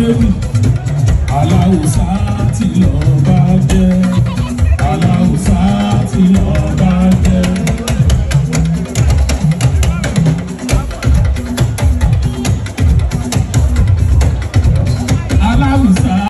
mẹ́rin aláwòsá ti lọ.